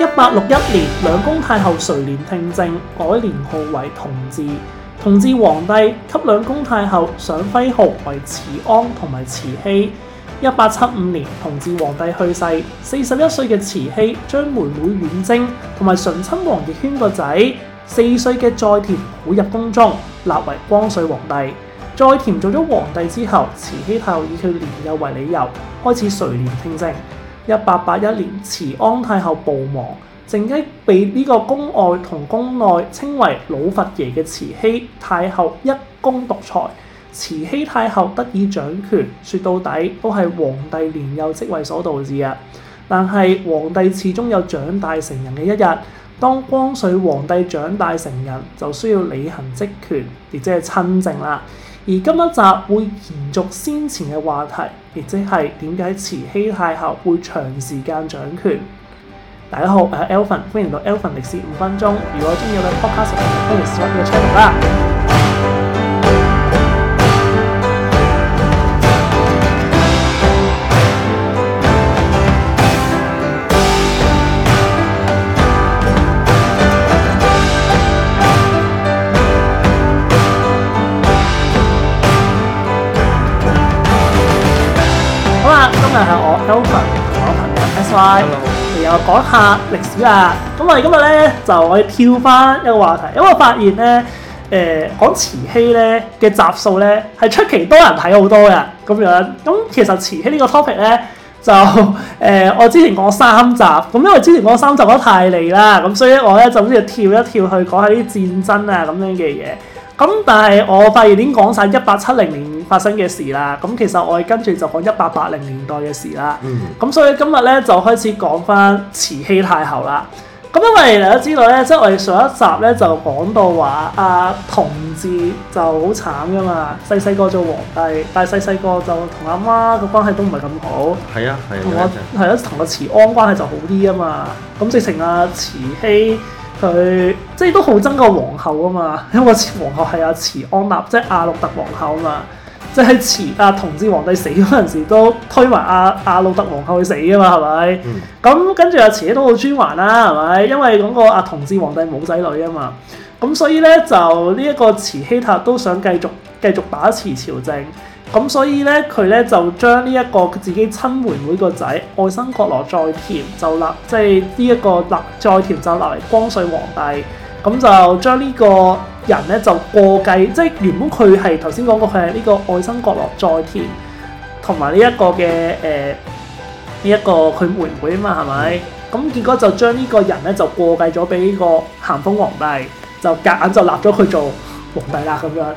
一八六一年，兩宮太后垂簾聽政，改年號為同治。同治皇帝給兩宮太后上徽號為慈安同埋慈禧。一八七五年，同治皇帝去世，四十一歲嘅慈禧將妹妹婉貞同埋醇親王奕譞個仔四歲嘅載湉抱入宮中，立為光緒皇帝。載湉做咗皇帝之後，慈禧太后以佢年幼為理由，開始垂簾聽政。一八八一年，慈安太后暴亡。正因被呢個宮外同宮內稱為老佛爺嘅慈禧太后一宮獨裁，慈禧太后得以掌權，說到底都係皇帝年幼即位所導致嘅。但係皇帝始終有長大成人嘅一日，當光緒皇帝長大成人，就需要履行職權，亦即係親政啦。而今一集會延續先前嘅話題，亦即係點解慈禧太后會長時間掌權。大家好，我係 Elven，歡迎到 Elven 歷史五分鐘。如果中意我嘅 podcast，歡迎輸入呢個 channel 啦。好啦，今日係我 Elven 同我朋友 Sy。講下歷史啊！咁我哋今日咧就可以跳翻一個話題，因為我發現咧誒、呃、講慈禧咧嘅集數咧係出奇多人睇好多嘅咁樣。咁其實慈禧個呢個 topic 咧就誒、呃、我之前講三集，咁因為之前講三集講得太離啦，咁所以我咧就先要跳一跳去講下啲戰爭啊咁樣嘅嘢。咁但係我發現已經講晒一八七零年發生嘅事啦，咁其實我哋跟住就講一八八零年代嘅事啦，咁、嗯、所以今日咧就開始講翻慈禧太后啦。咁因為大家知道咧，即係我哋上一集咧就講到話阿同治就好慘噶嘛，細細個做皇帝，但係細細個就同阿媽個關係都唔係咁好。係啊係啊，同阿係咯，同個、啊啊啊啊、慈安關係就好啲啊嘛。咁直情阿、啊、慈禧佢即係都好憎個皇后啊嘛，因為皇后係阿、啊、慈安立，即係阿魯特皇后啊嘛。嘛。即係慈啊，同治皇帝死嗰陣時都推埋阿阿魯特皇后去死啊嘛，係咪？咁、嗯、跟住阿、啊、慈都好專橫啦，係咪？因為嗰個阿、啊、同治皇帝冇仔女啊嘛，咁所以咧就呢一個慈禧太后都想繼續繼續把持朝政，咁所以咧佢咧就將呢一個自己親妹妹個仔外甥愛新覺羅載湉就立，即係呢一個立載湉就立為光緒皇帝。咁就將呢個人咧就過繼，即係原本佢係頭先講過佢係呢個愛新覺羅載湉，同埋呢一個嘅誒呢一個佢妹妹啊嘛，係咪？咁結果就將呢個人咧就過繼咗俾呢個咸豐皇帝，就夾硬就立咗佢做皇帝啦咁樣，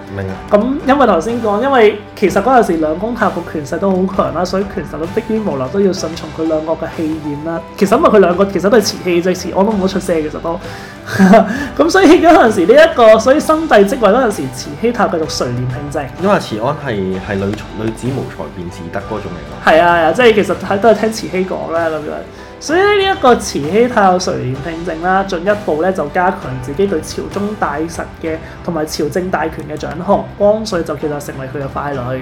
咁白、嗯、因為頭先講，因為其實嗰陣時兩宮太后權勢都好強啦，所以權臣都逼於無奈都要順從佢兩個嘅氣焰啦。其實因為，佢兩個其實都係慈禧即慈安都唔好出聲其實都。咁、 嗯、所以嗰陣時呢、這、一個，所以新帝即位嗰陣時，慈禧太后繼續垂簾聽政。因為慈安係係女才女子無才便是德嗰種嚟咯。係啊，啊，即係其實係都係聽慈禧講啦咁樣。所以呢一個慈禧太后垂簾聽政啦，進一步咧就加強自己對朝中大臣嘅同埋朝政大權嘅掌控。光緒就叫做成為佢嘅傀儡。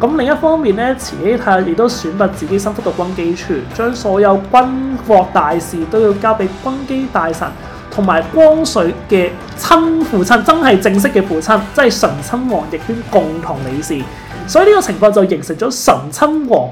咁另一方面咧，慈禧太后亦都選拔自己心腹到軍機處，將所有軍國大事都要交俾軍機大臣同埋光緒嘅親父親，真係正式嘅父親，即係純親王奕軒共同理事。所以呢個情況就形成咗純親王。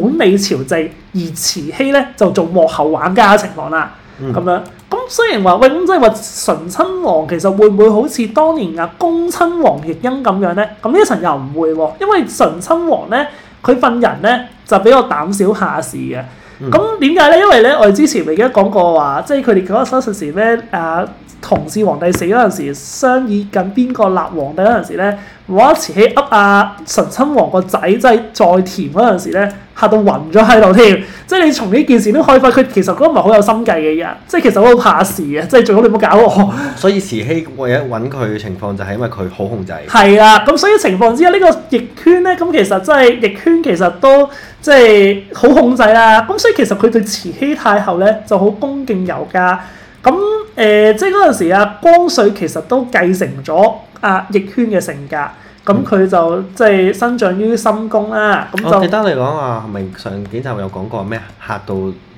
管理朝制，而慈禧咧就做幕後玩家嘅情況啦。咁、嗯、樣，咁雖然話喂，咁即係話純親王其實會唔會好似當年阿恭親王奕訢咁樣咧？咁呢層又唔會喎、啊，因為純親王咧佢份人咧就比較膽小下士嘅。咁點解咧？因為咧我哋之前咪已經講過話，即係佢哋講手陣時咩啊？呃同治皇帝死嗰陣時，商議緊邊個立皇帝嗰陣時咧，話慈禧噏阿醇親王個仔即係載湉。」嗰陣時咧，嚇到暈咗喺度添。即係你從呢件事都睇出佢其實嗰個唔係好有心計嘅人，即係其實好怕事嘅，即係最好你唔好搞我。所以慈禧為咗揾佢嘅情況就係因為佢好控制、啊。係啦，咁所以情況之下，呢、這個奕譞咧，咁其實真、就、係、是、奕譞其實都即係好控制啦。咁所以其實佢對慈禧太后咧就好恭敬有加咁。誒、呃，即係嗰陣時啊，光緒其實都繼承咗啊，奕譞嘅性格，咁佢、嗯、就即係生長於深宮啦、啊。咁就記得你講話，係咪、啊、上幾集有講過咩啊？嚇到～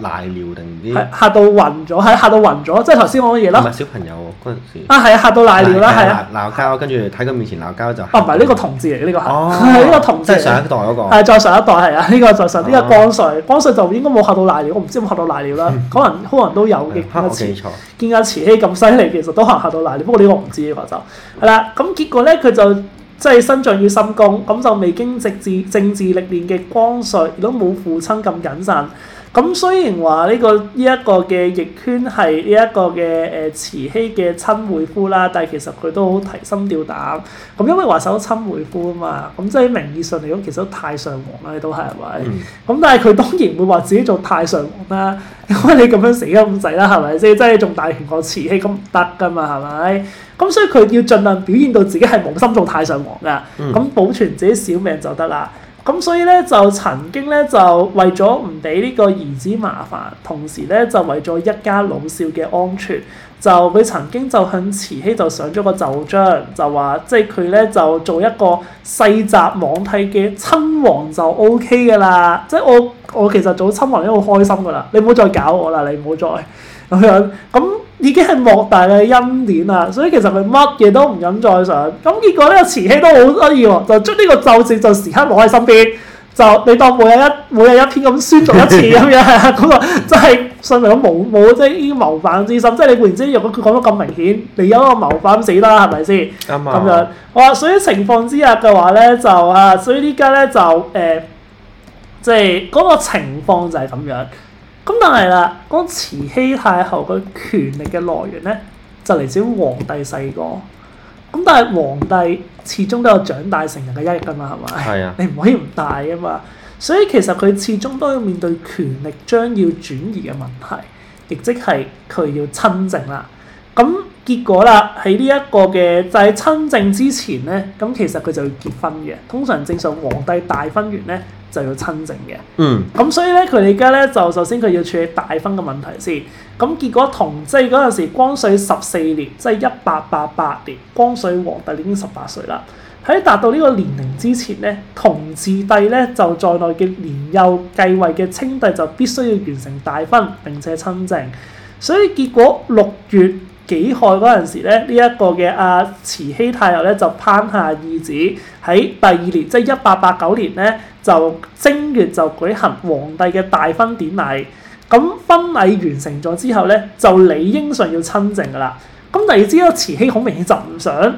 瀨尿定唔知？嚇到暈咗，嚇到暈咗，即係頭先講嘅嘢啦。唔係小朋友嗰陣時啊，係嚇到瀨尿啦，係啊，鬧交跟住睇佢面前鬧交就。哦，唔係呢個同治嚟嘅呢個，係呢個同治。即係上一代嗰個。係再上一代係啊，呢個再上呢個光緒。光緒就應該冇嚇到瀨尿，我唔知冇嚇到瀨尿啦。可能可能都有嘅。嚇，記錯。見阿慈禧咁犀利，其實都嚇嚇到瀨尿。不過呢個唔知嘅話就係啦。咁結果咧，佢就即係身障於深宮咁，就未經直至政治歷練嘅光緒都冇父親咁謹慎。咁雖然話呢、這個呢一、這個嘅逆圈係呢一個嘅誒、呃、慈禧嘅親妹夫啦，但係其實佢都好提心吊膽。咁因為話首親妹夫啊嘛，咁即喺名義上嚟講，其實都太上皇啦，你都係咪？咁、嗯、但係佢當然唔會話自己做太上皇啦。如果你咁樣死咁滯啦，係咪先？即係仲大權過慈禧，咁唔得噶嘛，係咪？咁所以佢要盡量表現到自己係冇心做太上皇㗎。咁、嗯、保存自己小命就得啦。咁所以咧就曾經咧就為咗唔俾呢個兒子麻煩，同時咧就為咗一家老少嘅安全，就佢曾經就向慈禧就上咗個奏章，就話即係佢咧就做一個世襲罔替嘅親王就 O K 㗎啦，即係我我其實做親王都好開心㗎啦，你唔好再搞我啦，你唔好再咁樣咁。已經係莫大嘅恩典啦，所以其實佢乜嘢都唔敢再想。咁結果呢個慈禧都好得意喎，就將呢個奏折就時刻攞喺身邊，就你當每日一每日一篇咁宣讀一次咁樣，嗰 個真係信係個冇，無即係啲謀反之心。即、就、係、是、你忽然之如果佢講得咁明顯，你有個謀反死啦，係咪先？啱啊、嗯！咁樣好所以情況之下嘅話咧，就嚇，所以呢家咧就誒，即係嗰個情況就係咁樣。咁但係啦，嗰慈禧太后嘅權力嘅來源咧，就嚟自於皇帝細個。咁但係皇帝始終都有長大成人嘅一日㗎嘛，係咪的？係啊。你唔可以唔大吖嘛，所以其實佢始終都要面對權力將要轉移嘅問題，亦即係佢要親政啦。咁結果啦，喺呢一個嘅就係親政之前咧，咁其實佢就要結婚嘅。通常正常皇帝大婚完咧就要親政嘅。嗯。咁所以咧，佢哋而家咧就首先佢要處理大婚嘅問題先。咁結果同即係嗰陣時光緒十四年，即係一八八八年，光緒皇帝已經十八歲啦。喺達到呢個年齡之前咧，同治帝咧就在內嘅年幼繼位嘅清帝就必須要完成大婚並且親政。所以結果六月，己亥嗰陣時咧，呢、這、一個嘅阿慈禧太后咧就頒下懿旨喺第二年，即係一八八九年咧，就正月就舉行皇帝嘅大婚典禮。咁婚禮完成咗之後咧，就理應上要親政噶啦。咁你知道慈禧好明顯就唔想。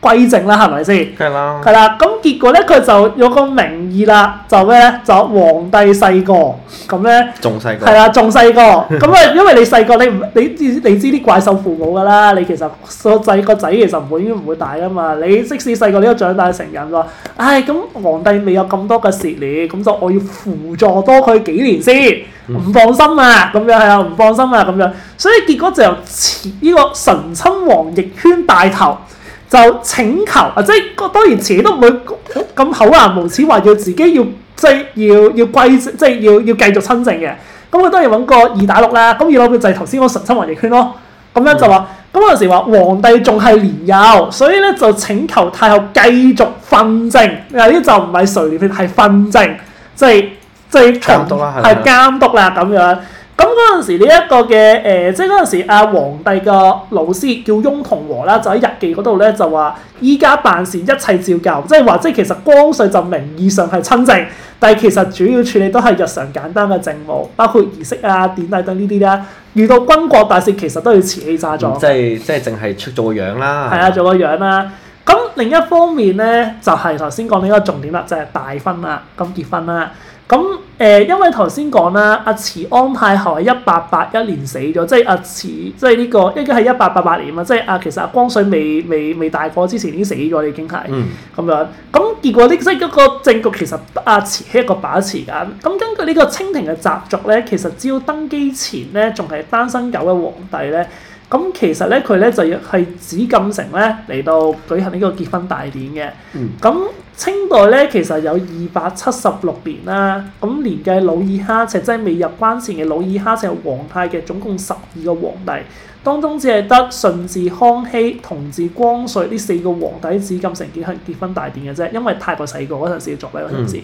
歸政啦，係咪先？係啦，係啦。咁結果咧，佢就有個名義啦，就咩咧？就皇帝細個咁咧，仲細個係啊，仲細個咁啊。 因為你細個，你唔你你知啲怪獸父母㗎啦。你其實個仔個仔其實唔會應該唔會大㗎嘛。你即使細個，你都長大成人㗎。唉、哎，咁皇帝未有咁多嘅事咧，咁就我要輔助多佢幾年先，唔放心啊咁、嗯、樣係啊，唔放心啊咁樣。所以結果就由呢個醇親王奕譞帶頭。就請求啊，即係當然自己都唔會咁厚顏無恥話要自己要即係要要貴即係要要繼續親政嘅。咁佢當然揾個二打六啦。咁二老佢就係頭先嗰醇親王奕譞咯。咁樣就話咁、嗯、有時話皇帝仲係年幼，所以咧就請求太后繼續訓政，嗰啲就唔係垂簾聽，係訓政，即係即係長係監督啦咁樣。咁嗰陣時，呢一個嘅誒，即係嗰陣時，阿皇帝個老師叫翁同龢啦，就喺日記嗰度咧就話：依家辦事一切照舊，即係話，即係其實光緒就名義上係親政，但係其實主要處理都係日常簡單嘅政務，包括儀式啊、典禮等呢啲啦。遇到軍國大事，其實都要慈禧炸咗。即係即係淨係做個樣啦。係啊，做個樣啦。咁吧另一方面咧，就係頭先講呢個重點啦，就係、是、大婚啦，咁結婚啦。咁誒、呃，因為頭先講啦，阿慈安太后係一八八一年死咗，即係阿、啊、慈，即係呢、呢個應該係一八八八年啊，即係阿其實阿、啊、光緒未未未大過之前已經死咗，已經係咁樣。咁結果呢，即係嗰個政局其實阿、啊、慈係一個把持緊。咁根據呢個清廷嘅習俗咧，其實只要登基前咧仲係單身狗嘅皇帝咧，咁其實咧佢咧就要、係、係紫禁城咧嚟到舉行呢個結婚大典嘅。咁、嗯清代咧其實有二百七十六年啦，咁年計努爾哈赤即係未入關前嘅努爾哈赤係皇太嘅，總共十二個皇帝，當中只係得順治、康熙、同治、光緒呢四個皇帝紫禁城舉行結婚大典嘅啫，因為太過細個嗰陣時做呢個文字，咁、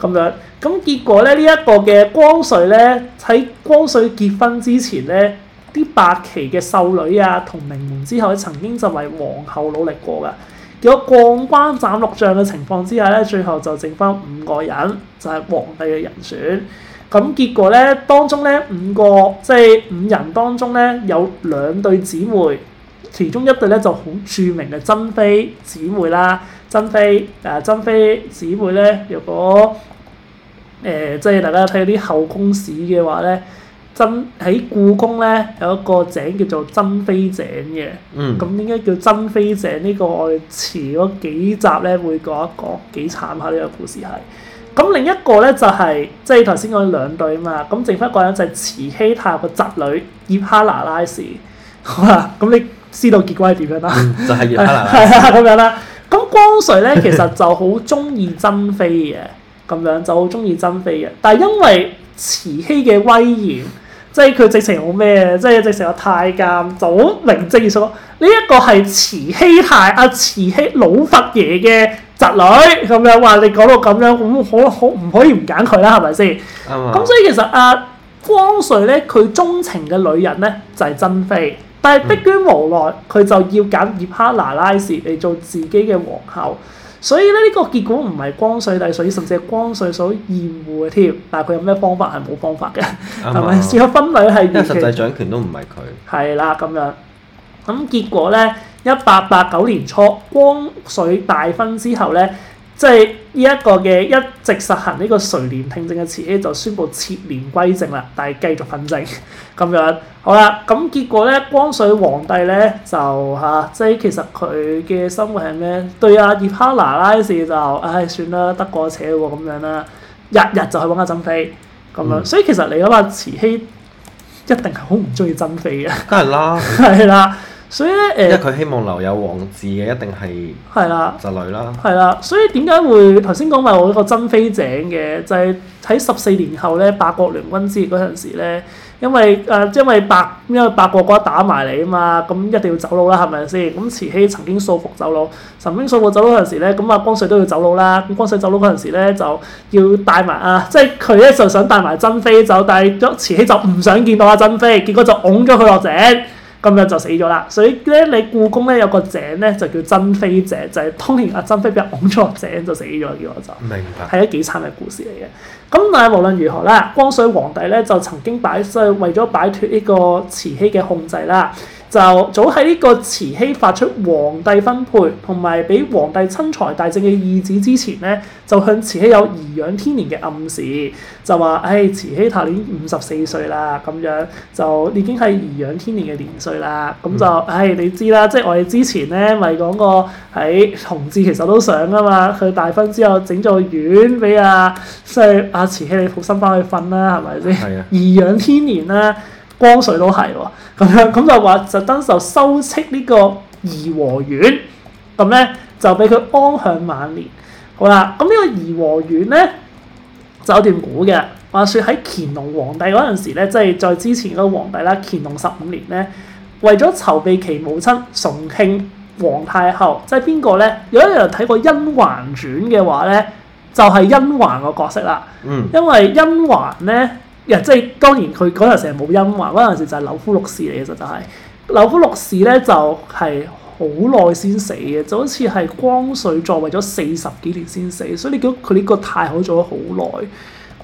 嗯、樣咁結果咧呢一、呢個嘅光緒咧喺光緒結婚之前咧，啲八旗嘅秀女啊同名門之後咧曾經就為皇后努力過㗎。如果過關斬六將嘅情況之下咧，最後就剩翻五個人，就係、是、皇帝嘅人選。咁結果咧，當中咧五個即係五人當中咧，有兩對姊妹，其中一對咧就好著名嘅珍妃姊妹啦。珍妃啊，珍妃姊妹咧，如果誒、呃、即係大家睇嗰啲後宮史嘅話咧。真喺故宮咧有一個井叫做珍妃井嘅，咁點解叫珍妃井？呢、這個我哋遲嗰幾集咧會講一講，幾慘下呢、這個故事係。咁另一個咧就係、是、即係頭先講兩對啊嘛，咁剩翻個人就係慈禧太后嘅侄女葉哈娜拉氏，好啦，咁、啊啊、你知道結果係點樣啦、啊嗯？就係、是、葉哈娜啦，咁 樣啦。咁、啊啊、光緒咧 其實就好中意珍妃嘅，咁樣就好中意珍妃嘅，但係因為慈禧嘅威嚴，嚴。即係佢直情好咩？即係直情個太監就好名正言順呢一個係慈禧太阿、啊、慈禧老佛爺嘅侄女咁樣。哇！你講到咁樣，咁可可唔可以唔揀佢啦？係咪先？咁、嗯、所以其實阿光緒咧，佢鍾情嘅女人咧就係、是、珍妃，但係逼於無奈，佢就要揀葉赫那拉氏嚟做自己嘅皇后。所以咧，呢、這個結果唔係光緒帝所，甚至係光緒所厭惡嘅添。但係佢有咩方法係冇方法嘅？係咪吧？只有吧分禮係。因為實際掌權都唔係佢。係啦，咁樣。咁、嗯、結果咧，一八八九年初，光緒大婚之後咧，即係。呢一個嘅一直實行呢個垂簾聽政嘅慈禧就宣布撤簾歸政啦，但係繼續訓政咁樣，好啦，咁結果咧，光緒皇帝咧就嚇、啊，即係其實佢嘅生活係咩？對阿、啊、葉哈娜拉氏就唉、哎、算啦，得過且過咁樣啦，日日就去揾阿珍妃咁樣，嗯、所以其實你諗下，慈禧一定係好唔中意珍妃嘅，梗係啦，係啦。 所以咧，誒、呃，因為佢希望留有王字嘅，一定係侄的女啦。係啦，所以點解會頭先講埋我一個珍妃井嘅？就係喺十四年後咧，八國聯軍之役嗰時咧，因為誒、呃，因為八因為八國哥打埋嚟啊嘛，咁一定要走佬啦，係咪先？咁慈禧曾經掃服走佬，曾經掃服走佬嗰陣時咧，咁啊光緒都要走佬啦。咁光緒走佬嗰陣時咧，就要帶埋啊，即係佢咧就想帶埋珍妃走，但係咗慈禧就唔想見到阿、啊、珍妃，結果就拱咗佢落井。咁樣就死咗啦，所以咧你故宮咧有個井咧就叫珍妃井，就係、是、當年阿珍妃俾人往咗井就死咗嘅喎，就，明白係一幾慘嘅故事嚟嘅。咁但係無論如何啦，光緒皇帝咧就曾經擺衰為咗擺脫呢個慈禧嘅控制啦。就早喺呢個慈禧發出皇帝分配同埋俾皇帝親裁大政嘅意旨之前咧，就向慈禧有頤養天年嘅暗示，就話：唉、哎，慈禧太年五十四歲啦，咁樣就已經係頤養天年嘅年歲啦。咁就唉、嗯哎，你知啦，即係我哋之前咧咪講過喺、哎、同治」其實都想啊嘛，佢大婚之後整咗院俾阿衰阿慈禧，你放心翻去瞓啦，係咪先？係啊， 頤養天年啦。光緒都係喎、哦，咁樣咁就話，特登就修葺呢個頤和園，咁咧就俾佢安享晚年。好啦，咁呢個頤和園咧，就有一段古嘅。話說喺乾隆皇帝嗰陣時咧，即係在之前嗰個皇帝啦，乾隆十五年咧，為咗籌備其母親崇慶皇太后，即係邊個咧？有一人睇過《甄嬛傳》嘅話咧，就係甄嬛個角色啦。嗯，因為甄嬛咧。即係當然佢嗰陣時係冇音華，嗰陣時就係柳夫六氏嚟嘅，就係、實、柳夫六氏咧，就係好耐先死嘅，就好似係光緒在位咗四十幾年先死，所以你覺得佢呢個太后做咗好耐。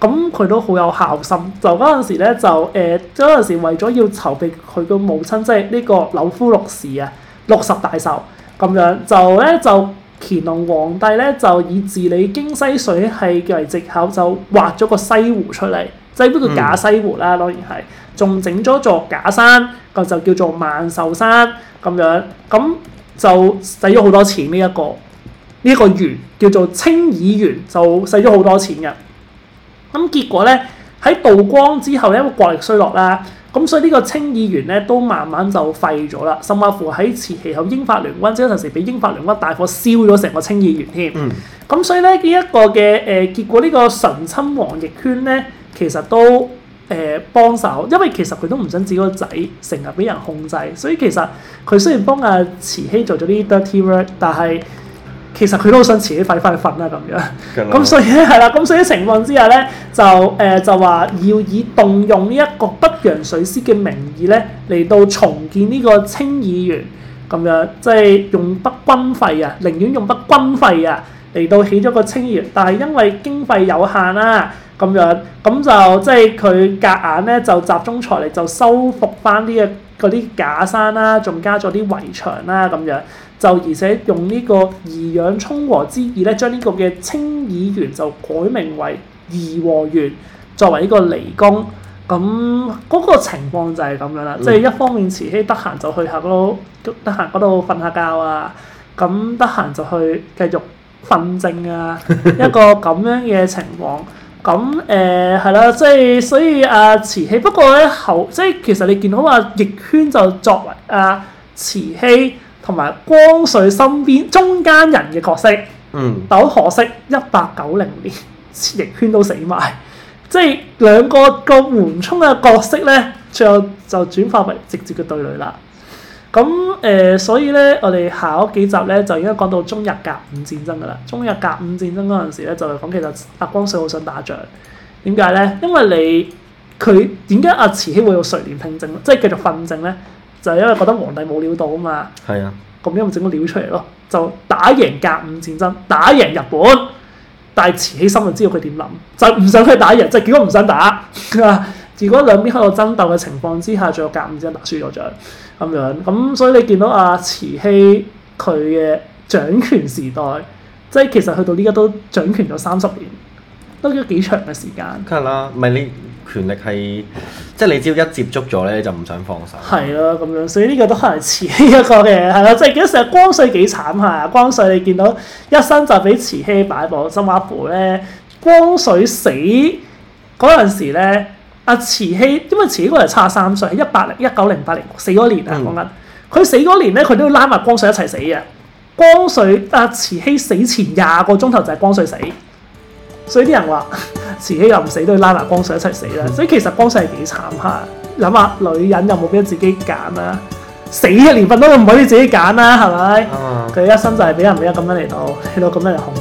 咁佢都好有孝心，就嗰陣時咧就誒，嗰、呃、陣時為咗要籌備佢個母親即係呢個柳夫六氏啊六十大壽。咁樣，就咧就乾隆皇帝咧就以治理京西水係為藉口，就挖咗個西湖出嚟。製咗個假西湖啦，當然係，仲整咗座假山，個就叫做萬壽山咁樣。咁就使咗好多錢呢一、這個呢一、這個園叫做清漪園，就使咗好多錢嘅。咁結果咧喺道光之後咧，國力衰落啦，咁所以呢個清漪園咧都慢慢就廢咗啦。甚至乎喺前後英法聯軍嗰陣時，俾英法聯軍大火燒咗成個清漪園添。咁、嗯、所以咧呢一、這個嘅誒、呃、結果純親呢，呢個純親王奕圈咧。其實都誒、呃、幫手，因為其實佢都唔想自己個仔成日俾人控制，所以其實佢雖然幫阿、啊、慈禧做咗啲 dirty work，但係其實佢都好想慈禧快快瞓啦咁樣。咁 所以咧係啦，咁所以情況之下咧就誒、呃、就話要以動用呢一個北洋水師嘅名義咧嚟到重建呢個清漪園，咁樣即係、就是、用北軍費啊，寧願用北軍費啊嚟到起咗個清漪園，但係因為經費有限啦、啊。咁樣咁就即係佢隔硬咧，就集中財力就修復翻啲嘅嗰啲假山啦、啊，仲加咗啲圍牆啦、啊，咁樣就而且用呢個頤養沖和之意咧，將呢個嘅清漪園就改名為頤和園作為呢個離宮。咁嗰、那個情況就係咁樣啦，嗯、即係一方面慈禧得閒就去下嗰得閒嗰度瞓下覺啊，咁得閒就去繼續訓政啊， 一個咁樣嘅情況。咁誒係啦，即係、嗯、所以啊，慈禧不過咧後，即係其實你見到啊，奕軒就作為啊慈禧同埋光緒身邊中間人嘅角色。嗯。但係可惜，一八九零年奕軒都死埋，即係兩個個緩衝嘅角色咧，最後就轉化為直接嘅對壘啦。咁誒、嗯呃，所以咧，我哋下嗰幾集咧就應該講到中日甲午戰爭噶啦。中日甲午戰爭嗰陣時咧，就係講其實阿光緒好想打仗，點解咧？因為你佢點解阿慈禧會有垂簾聽政？即、就、係、是、繼續訓政咧？就係、是、因為覺得皇帝冇料到啊嘛。係啊，咁樣咪整個料出嚟咯，就打贏甲午戰爭，打贏日本，但係慈禧心就知道佢點諗，就唔想佢打贏，即、就、係、是、結果唔想打。 如果兩邊喺度爭鬥嘅情況之下，仲有甲午戰爭打輸咗仗。咁樣咁、嗯、所以你見到阿、啊、慈禧佢嘅掌權時代，即係其實去到呢家都掌權咗三十年，都幾長嘅時間。梗係啦，唔係你權力係即係你只要一接觸咗咧，就唔想放手。係咯，咁樣所以呢個都係慈禧一個嘅，係啦。即係幾成日光緒幾慘下、啊，光緒你見到一生就俾慈禧擺布，心花腐咧。光緒死嗰陣時咧。阿、啊、慈禧，因為慈禧嗰人差三歲，一八零一九零八年，死嗰年、嗯、啊，講緊佢死嗰年咧，佢都要拉埋光緒一齊死嘅。光緒阿、啊、慈禧死前廿個鐘頭就係光緒死，所以啲人話慈禧又唔死都要拉埋光緒一齊死啦。所以其實光緒係幾慘下。諗下女人有冇俾自己揀啊？死嘅年份都唔可以自己揀啦、啊，係咪？佢、嗯嗯、一生就係俾人俾咁樣嚟到，去到咁樣嚟控制。